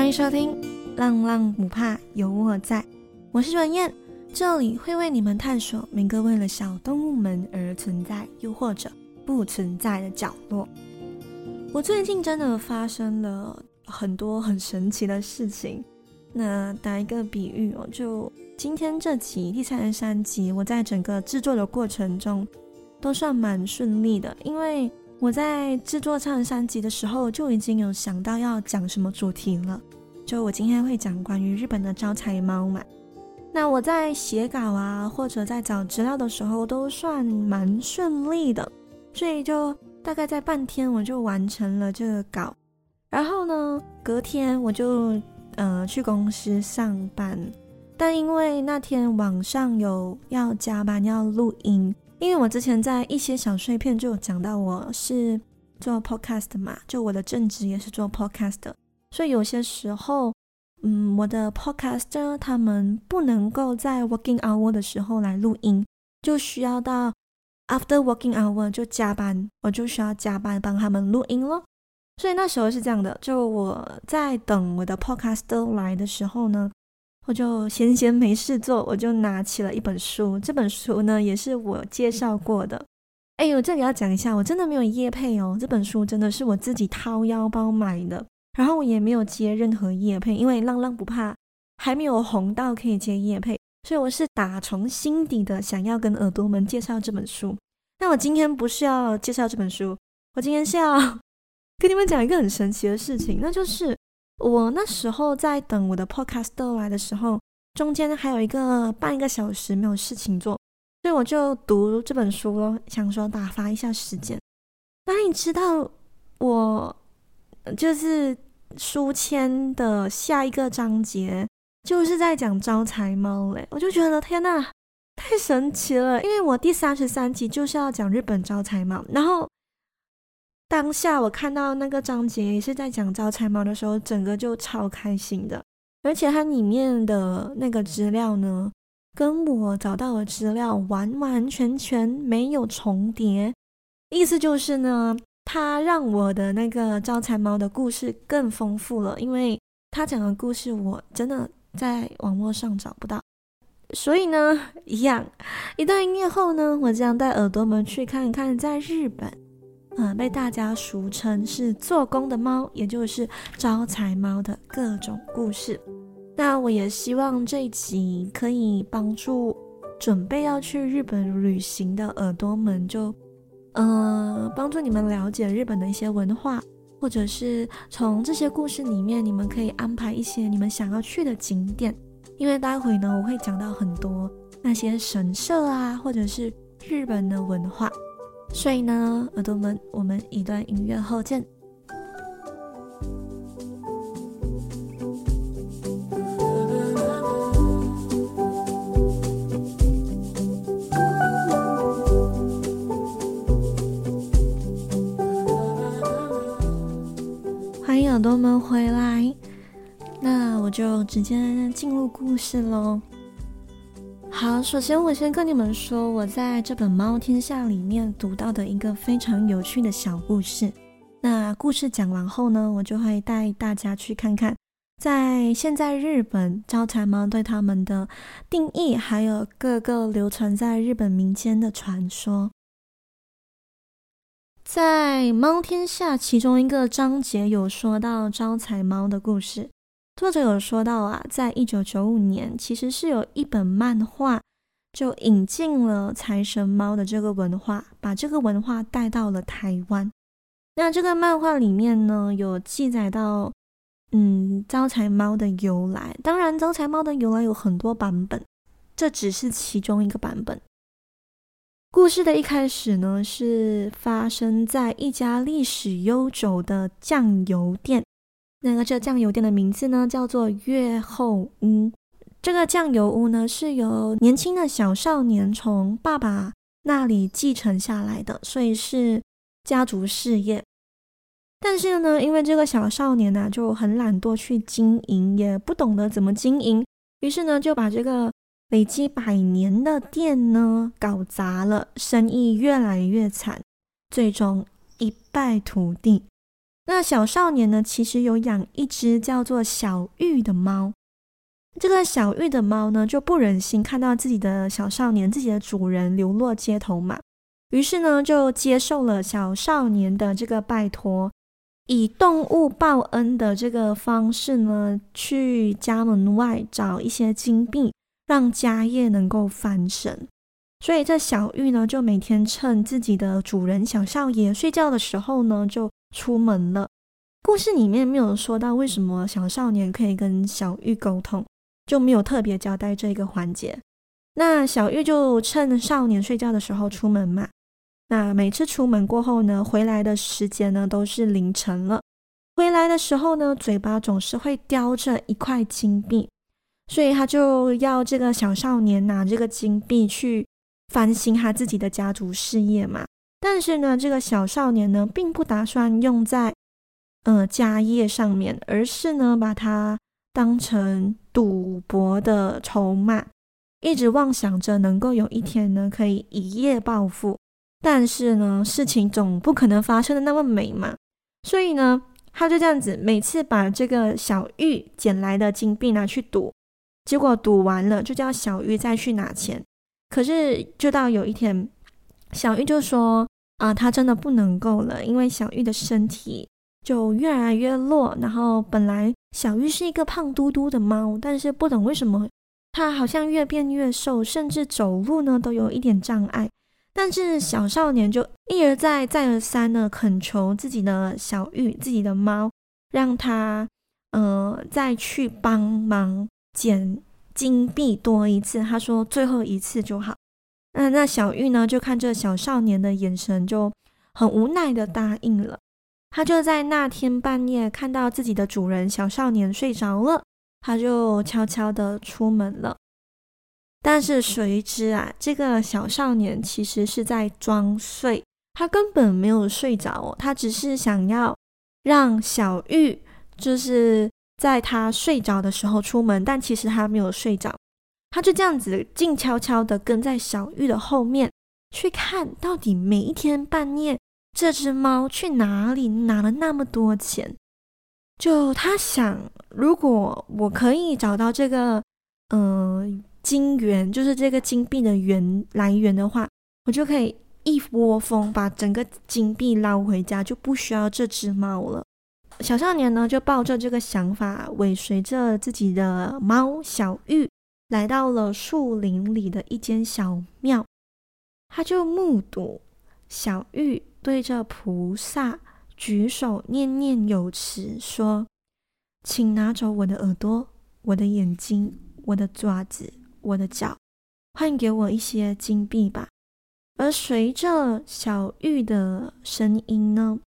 歡迎收聽《浪浪不怕，有我在》，我是阮燕，這裡會為你們探索每個為了小動物們而存在，又或者不存在的角落。我最近真的發生了很多很神奇的事情。那打一個比喻哦，就今天這集第三十三集，我在整個製作的過程中都算蠻順利的，因為我在製作三三集的時候就已經有想到要講什麼主題了。就我今天會講關於日本的招財貓嘛，那我在寫稿啊，或者在找資料的時候都算蠻順利的，所以就大概在半天我就完成了這個稿，然後呢，隔天我就呃去公司上班，但因為那天晚上有要加班要錄音，因為我之前在一些小碎片就有講到我是做 podcast 嘛，就我的正職也是做 podcast。所以有些時候，嗯，我的 podcaster 他們不能夠在 working hour 的時候來錄音，就需要到 after working hour 就加班，我就需要加班幫他們錄音咯。所以那時候是這樣的，就我在等我的 podcaster 來的時候呢，我就閒閒沒事做，我就拿起了一本書。這本書呢，也是我介紹過的。哎呦，這裡要講一下，我真的沒有業配哦，這本書真的是我自己掏腰包買的。然後我也沒有接任何夜配，因為浪浪不怕，還沒有紅到可以接夜配，所以我是打從心底的想要跟耳朵們介紹這本書。那我今天不是要介紹這本書，我今天是要跟你們講一個很神奇的事情，那就是我那時候在等我的 p o d c a s t e 來的時候，中間還有一個半個小時沒有事情做，所以我就讀這本書咯，想說打發一下時間。那你知道我就是。書籤的下一個章節就是在講招財貓嘞，我就覺得天哪，太神奇了！因為我第三十三集就是要講日本招財貓，然後當下我看到那個章節也是在講招財貓的時候，整個就超開心的。而且它裡面的那個資料呢，跟我找到的資料完完全全沒有重疊，意思就是呢。他讓我的那個招財貓的故事更豐富了，因為他講的故事我真的在網絡上找不到，所以呢，一樣，一段音樂後呢，我將帶耳朵們去看一看在日本，嗯、呃，被大家俗稱是做工的貓，也就是招財貓的各種故事。那我也希望這一集可以幫助準備要去日本旅行的耳朵們就。嗯、呃，幫助你們了解日本的一些文化，或者是從這些故事裡面，你們可以安排一些你們想要去的景點。因為待會呢，我會講到很多那些神社啊，或者是日本的文化，所以呢，耳朵們，我們一段音樂後見。朋友們回來，那我就直接進入故事嘍。好，首先我先跟你們說，我在這本《貓天下》裡面讀到的一個非常有趣的小故事。那故事講完後呢，我就會帶大家去看看，在現在日本招財貓對它們的定義，還有各個流傳在日本民間的傳說。在《貓天下》其中一個章節有說到招財貓的故事，作者有說到啊，在一九九五年其實是有一本漫畫就引進了財神貓的這個文化，把這個文化帶到了台灣。那這個漫畫裡面呢，有記載到，嗯，招財貓的由來。當然，招財貓的由來有很多版本，這只是其中一個版本。故事的一開始呢，是發生在一家歷史悠久的醬油店。那個這醬油店的名字呢，叫做越後屋。這個醬油屋呢，是由年輕的小少年從爸爸那裡繼承下來的，所以是家族事業。但是呢，因為這個小少年呢、啊，就很懶惰去經營，也不懂得怎麼經營，於是呢，就把這個。累積百年的店呢，搞砸了，生意越來越慘，最終一敗塗地。那小少年呢，其實有養一隻叫做小玉的貓。這個小玉的貓呢，就不忍心看到自己的小少年、自己的主人流落街頭嘛，於是呢，就接受了小少年的這個拜託，以動物報恩的這個方式呢，去家門外找一些金幣。讓家業能夠翻身，所以這小玉呢，就每天趁自己的主人小少爺睡覺的時候呢，就出門了。故事裡面沒有說到為什麼小少年可以跟小玉溝通，就沒有特別交代這個環節。那小玉就趁少年睡覺的時候出門嘛。那每次出門過後呢，回來的時間呢，都是凌晨了。回來的時候呢，嘴巴總是會叼着一塊金幣。所以他就要這個小少年拿這個金幣去翻新他自己的家族事業嘛。但是呢，這個小少年呢，並不打算用在，呃，家業上面，而是呢，把它當成賭博的籌碼，一直妄想着能夠有一天呢，可以一夜暴富。但是呢，事情總不可能發生的那麼美嘛。所以呢，他就這樣子，每次把這個小玉撿來的金幣拿去賭。結果賭完了，就叫小玉再去拿錢。可是，就到有一天，小玉就說：“啊、呃，她真的不能夠了，因為小玉的身體就越來越弱。然後，本來小玉是一個胖嘟嘟的貓，但是不懂為什麼，它好像越變越瘦，甚至走路呢都有一點障礙。但是，小少年就一而再、再而三的懇求自己的小玉、自己的貓，讓他嗯、呃、再去幫忙。”撿金幣多一次，他說最後一次就好。嗯，那小玉呢？就看這小少年的眼神，就很無奈的答應了。他就在那天半夜看到自己的主人小少年睡着了，他就悄悄地出門了。但是誰知啊，這個小少年其實是在裝睡，他根本沒有睡着，他只是想要讓小玉就是。在他睡着的時候出門，但其實他沒有睡着他就這樣子靜悄悄的跟在小玉的後面去看，到底每一天半夜這隻貓去哪裡拿了那麼多錢？就他想，如果我可以找到這個嗯、呃、金源，就是這個金幣的源來源的話，我就可以一窩蜂把整個金幣撈回家，就不需要這隻貓了。小少年呢，就抱着這個想法，尾隨着自己的貓小玉，來到了樹林裡的一間小廟。他就目睹小玉對着菩薩舉手念念有詞，說：“請拿走我的耳朵、我的眼睛、我的爪子、我的腳，換給我一些金幣吧。”而隨着小玉的聲音呢。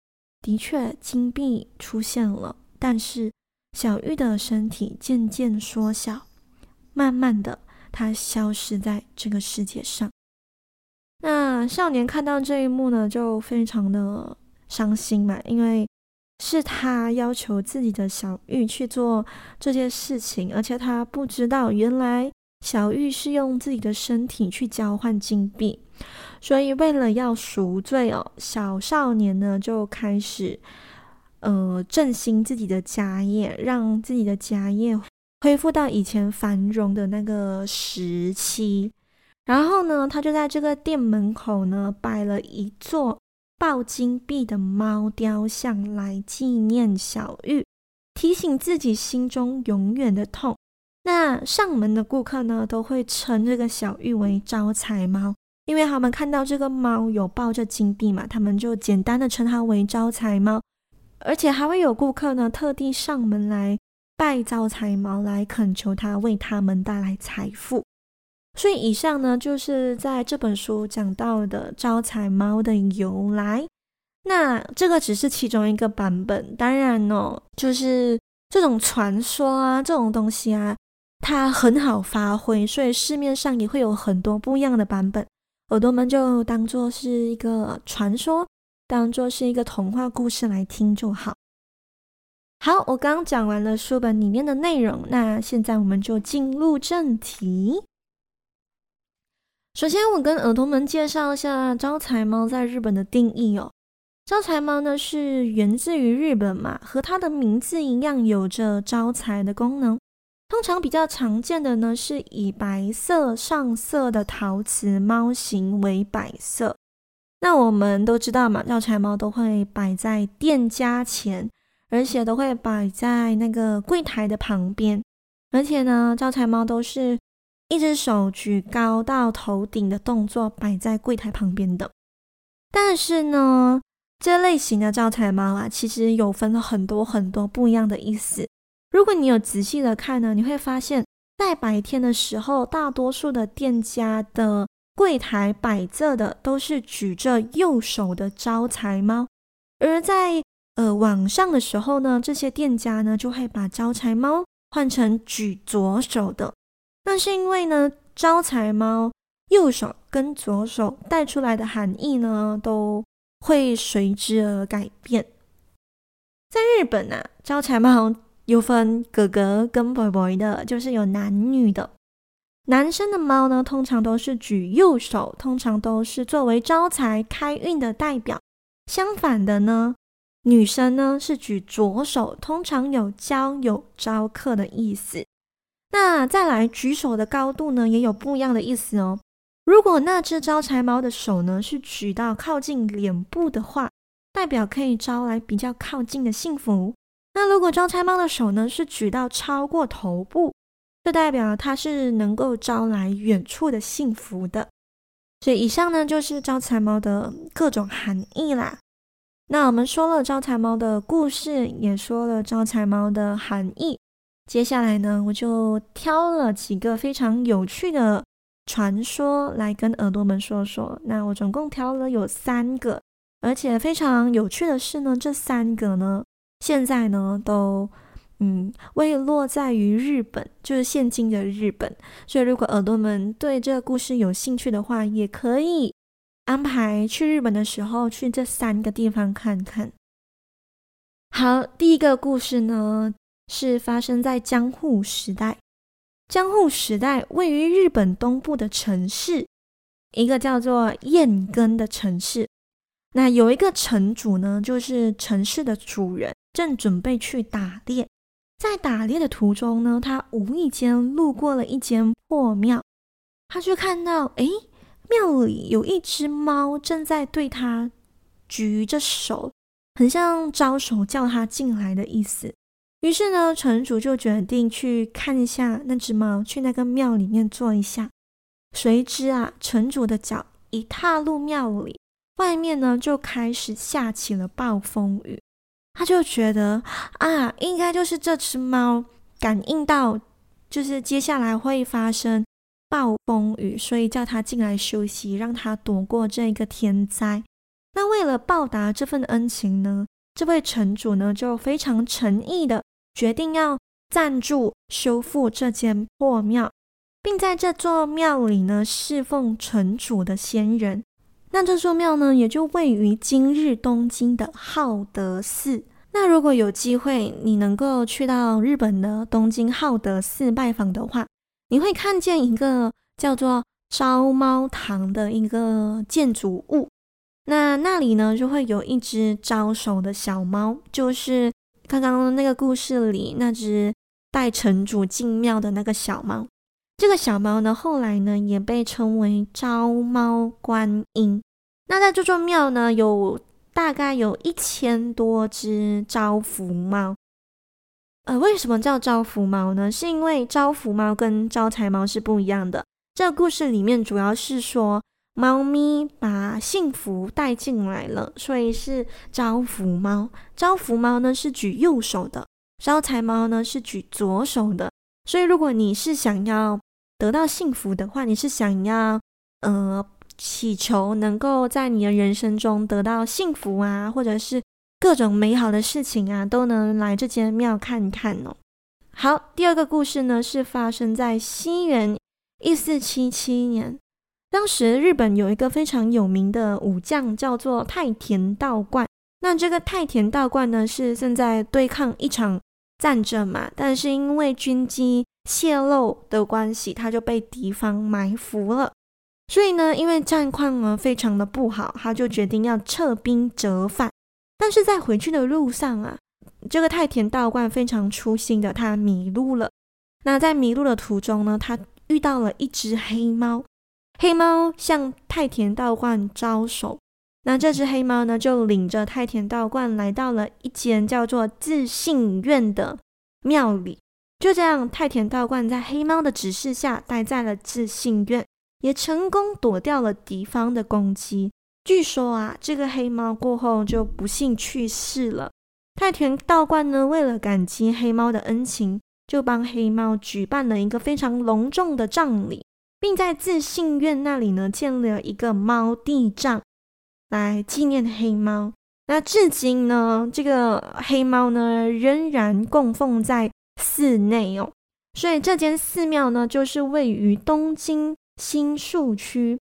的確，金幣出現了，但是小玉的身體漸漸縮小，慢慢的，它消失在這個世界上。那少年看到這一幕呢，就非常的傷心嘛，因為是他要求自己的小玉去做這件事情，而且他不知道，原來小玉是用自己的身體去交換金幣。所以，為了要贖罪哦，小少年呢就開始，呃，振興自己的家業，讓自己的家業恢復到以前繁榮的那個時期。然後呢，他就在這個店門口呢擺了一座抱金幣的貓雕像來紀念小玉，提醒自己心中永遠的痛。那上門的顧客呢，都會稱這個小玉為招財貓。因為他們看到這個貓有抱着金幣嘛，他們就簡單的稱它為招財貓，而且還會有顧客呢特地上門來拜招財貓，來懇求它為他們帶來財富。所以以上呢就是在這本書講到的招財貓的由來。那這個只是其中一個版本，當然哦，就是這種傳說啊，這種東西啊，它很好發揮，所以市面上也會有很多不一樣的版本。耳朵們就當做是一個傳說，當做是一個童話故事來聽就好。好，我剛剛講完了書本裡面的內容，那現在我們就進入正題。首先，我跟耳朵們介紹一下招財貓在日本的定義哦。招財貓呢是源自於日本嘛，和它的名字一樣，有着招財的功能。通常比較常見的呢，是以白色上色的陶瓷貓形為擺設。那我們都知道嘛，招財貓都會擺在店家前，而且都會擺在那個櫃檯的旁邊。而且呢，招財貓都是一隻手舉高到頭頂的動作擺在櫃檯旁邊的。但是呢，這類型的招財貓啊，其實有分了很多很多不一樣的意思。如果你有仔細的看呢，你會發現在白天的時候，大多數的店家的櫃檯擺着的都是舉着右手的招財貓，而在呃晚上的時候呢，這些店家呢就會把招財貓換成舉左手的。那是因為呢，招財貓右手跟左手帶出來的含義呢都會隨之而改變。在日本啊，招財貓，有分哥哥跟 boy boy 的，就是有男女的。男生的貓呢，通常都是舉右手，通常都是作為招財開運的代表。相反的呢，女生呢是舉左手，通常有交友招客的意思。那再來舉手的高度呢，也有不一樣的意思哦。如果那隻招財貓的手呢，是舉到靠近臉部的話，代表可以招來比較靠近的幸福。那如果招財貓的手呢，是舉到超過頭部，就代表它是能夠招來遠處的幸福的。所以以上呢就是招財貓的各種含義啦。那我們說了招財貓的故事，也說了招財貓的含義。接下來呢，我就挑了幾個非常有趣的傳說來跟耳朵們說說。那我總共挑了有三個，而且非常有趣的是呢，這三個呢。現在呢，都嗯，位落在於日本，就是現今的日本。所以，如果耳朵們對這個故事有興趣的話，也可以安排去日本的時候去這三個地方看看。好，第一個故事呢，是發生在江戶時代。江戶時代位於日本東部的城市，一個叫做彥根的城市。那有一個城主呢，就是城市的主人，正準備去打獵，在打獵的途中呢，他無意間路過了一間破廟，他卻看到，哎，廟裡有一隻貓正在對他舉着手，很像招手叫他進來的意思。於是呢，城主就決定去看一下那隻貓，去那個廟裡面坐一下。誰知啊，城主的腳一踏入廟裡，外面呢就開始下起了暴風雨。他就覺得啊，應該就是這隻貓感應到，就是接下來會發生暴風雨，所以叫他進來休息，讓他躲過這個天災。那為了報答這份恩情呢，這位城主呢就非常誠意地決定要贊助修復這間破廟，並在這座廟裡呢侍奉城主的先人。那這座廟呢也就位於今日東京的豪德寺。那如果有機會，你能夠去到日本的東京豪德寺拜訪的話，你會看見一個叫做招貓堂的一個建築物。那那裡呢，就會有一隻招手的小貓，就是剛剛那個故事裡那隻帶城主進廟的那個小貓。這個小貓呢，後來呢，也被稱為招貓觀音。那在這座廟呢，有。大概有一千多隻招福貓，呃，為什麼叫招福貓呢？是因為招福貓跟招財貓是不一樣的。這個故事裡面主要是說，貓咪把幸福帶進來了，所以是招福貓。招福貓呢是舉右手的，招財貓呢是舉左手的。所以如果你是想要得到幸福的話，你是想要，呃，祈求能夠在你的人生中得到幸福啊，或者是各種美好的事情啊，都能來這間廟看看哦。好，第二個故事呢，是發生在西元一四七七年，當時日本有一個非常有名的武將叫做太田道灌。那這個太田道灌呢，是正在對抗一場戰爭嘛，但是因為軍機洩露的關係，他就被敵方埋伏了。所以呢，因為戰況呢非常的不好，他就決定要撤兵折返。但是在回去的路上啊，這個太田道觀非常粗心的，他迷路了。那在迷路的途中呢，他遇到了一隻黑貓，黑貓向太田道觀招手。那這隻黑貓呢，就領着太田道觀來到了一間叫做自性院的廟裡。就這樣，太田道觀在黑貓的指示下，待在了自性院。也成功躲掉了敵方的攻擊。據說啊，這個黑貓過後就不幸去世了。太田道灌呢，為了感激黑貓的恩情，就幫黑貓舉辦了一個非常隆重的葬禮，並在自性院那裡呢建了一個貓地葬來紀念黑貓。那至今呢，這個黑貓呢仍然供奉在寺內哦。所以這間寺廟呢，就是位於東京、新宿區，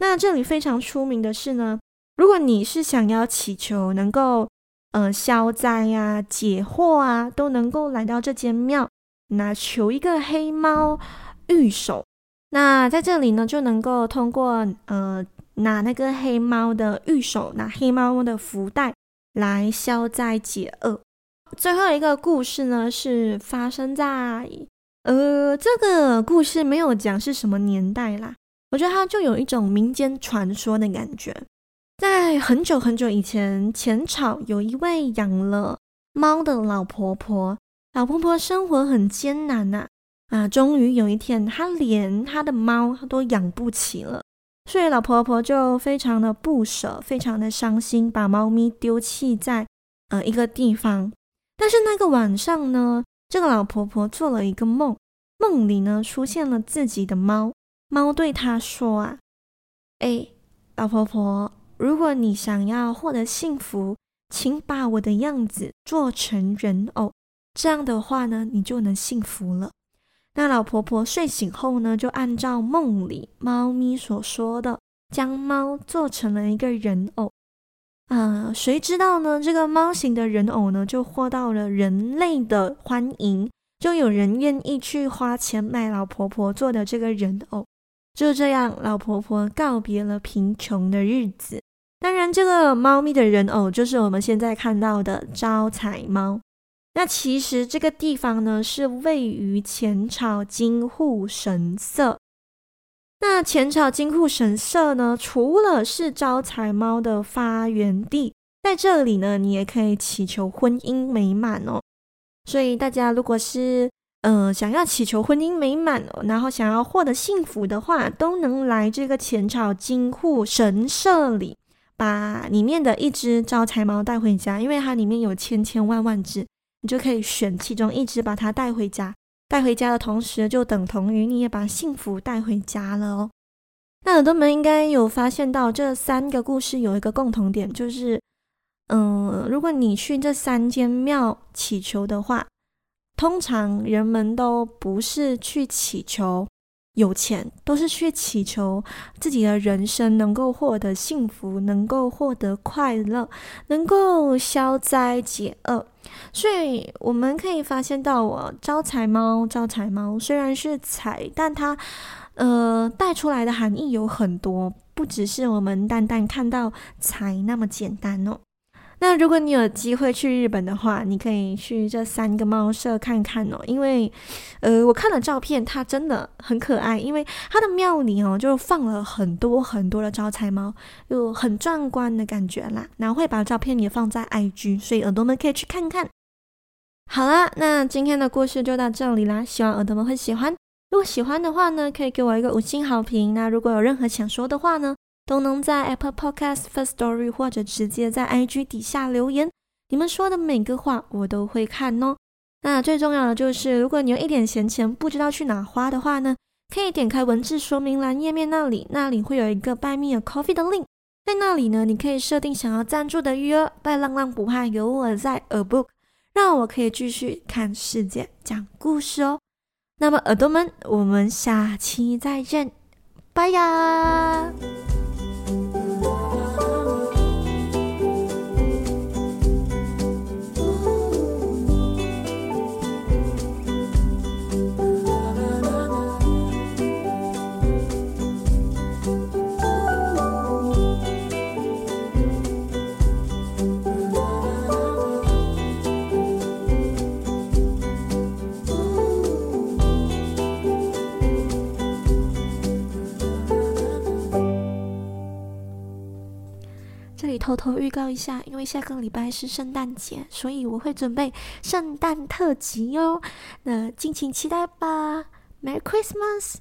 那這裡非常出名的是呢，如果你是想要祈求能夠，呃，消災啊、解惑啊，都能夠來到這間廟，那求一個黑貓御守，那在這裡呢就能夠通過呃拿那個黑貓的御守，拿黑貓的福袋來消災解厄。最後一個故事呢是發生在。呃，這個故事沒有講是什麼年代啦，我覺得它就有一種民間傳說的感覺。在很久很久以前，前朝有一位養了貓的老婆婆，老婆婆生活很艱難吶啊，呃，終於有一天她連她的貓都養不起了，所以老婆婆就非常的不舍，非常的傷心，把貓咪丟棄在呃一個地方。但是那個晚上呢，這個老婆婆做了一個夢，夢裡呢出現了自己的貓。貓對她說：“啊，哎、欸，老婆婆，如果你想要獲得幸福，請把我的樣子做成人偶，這樣的話呢，你就能幸福了。”那老婆婆睡醒後呢，就按照夢裡貓咪所說的，將貓做成了一個人偶。啊、呃，誰知道呢？這個貓型的人偶呢，就獲得了人類的歡迎，就有人願意去花錢買老婆婆做的這個人偶。就這樣，老婆婆告別了貧窮的日子。當然，這個貓咪的人偶就是我們現在看到的招財貓。那其實這個地方呢，是位於淺草今戶神社。那淺草今戶神社呢，除了是招財貓的發源地，在這裡呢，你也可以祈求婚姻美滿哦。所以大家如果是嗯、呃、想要祈求婚姻美滿，然後想要獲得幸福的話，都能來這個淺草今戶神社裡，把裡面的一隻招財貓帶回家，因為它裡面有千千萬萬隻，你就可以選其中一隻把它帶回家。帶回家的同時，就等同於你也把幸福帶回家了哦。那耳朵們應該有發現到，這三個故事有一個共同點，就是，嗯，如果你去這三間廟祈求的話，通常人們都不是去祈求，有錢，都是去祈求自己的人生能夠獲得幸福，能夠獲得快樂，能夠消災解厄。所以我們可以發現到，哦，我招財貓，招財貓雖然是財，但它呃帶出來的含義有很多，不只是我們單單看到財那麼簡單哦。那如果你有機會去日本的話，你可以去這三個貓舍看看哦，因為，呃，我看了照片，它真的很可愛，因為它的廟裡哦，就放了很多很多的招財貓，就很壯觀的感覺啦。然後會把照片也放在 IG，所以耳朵們可以去看看。好啦，那今天的故事就到這裡啦，希望耳朵們會喜歡。如果喜歡的話呢，可以給我一個五星好評。那如果有任何想說的話呢，都能在 Apple Podcasts Firstory 或者直接在 IG 底下留言，你們說的每個話我都會看哦。那最重要的就是，如果你有一點閒錢不知道去哪花的話呢，可以點開文字說明欄頁面那裡，那裡會有一個 Buy Me a Coffee 的 link，在那裡呢，你可以設定想要贊助的餘額。拜浪浪不怕有我在，A Book 讓我可以繼續看世界、講故事哦。那麼耳朵們，我們下期再見，拜呀！偷偷預告一下，因為下個禮拜是聖誕節，所以我會準備聖誕特輯喲。那敬請期待吧，Merry Christmas！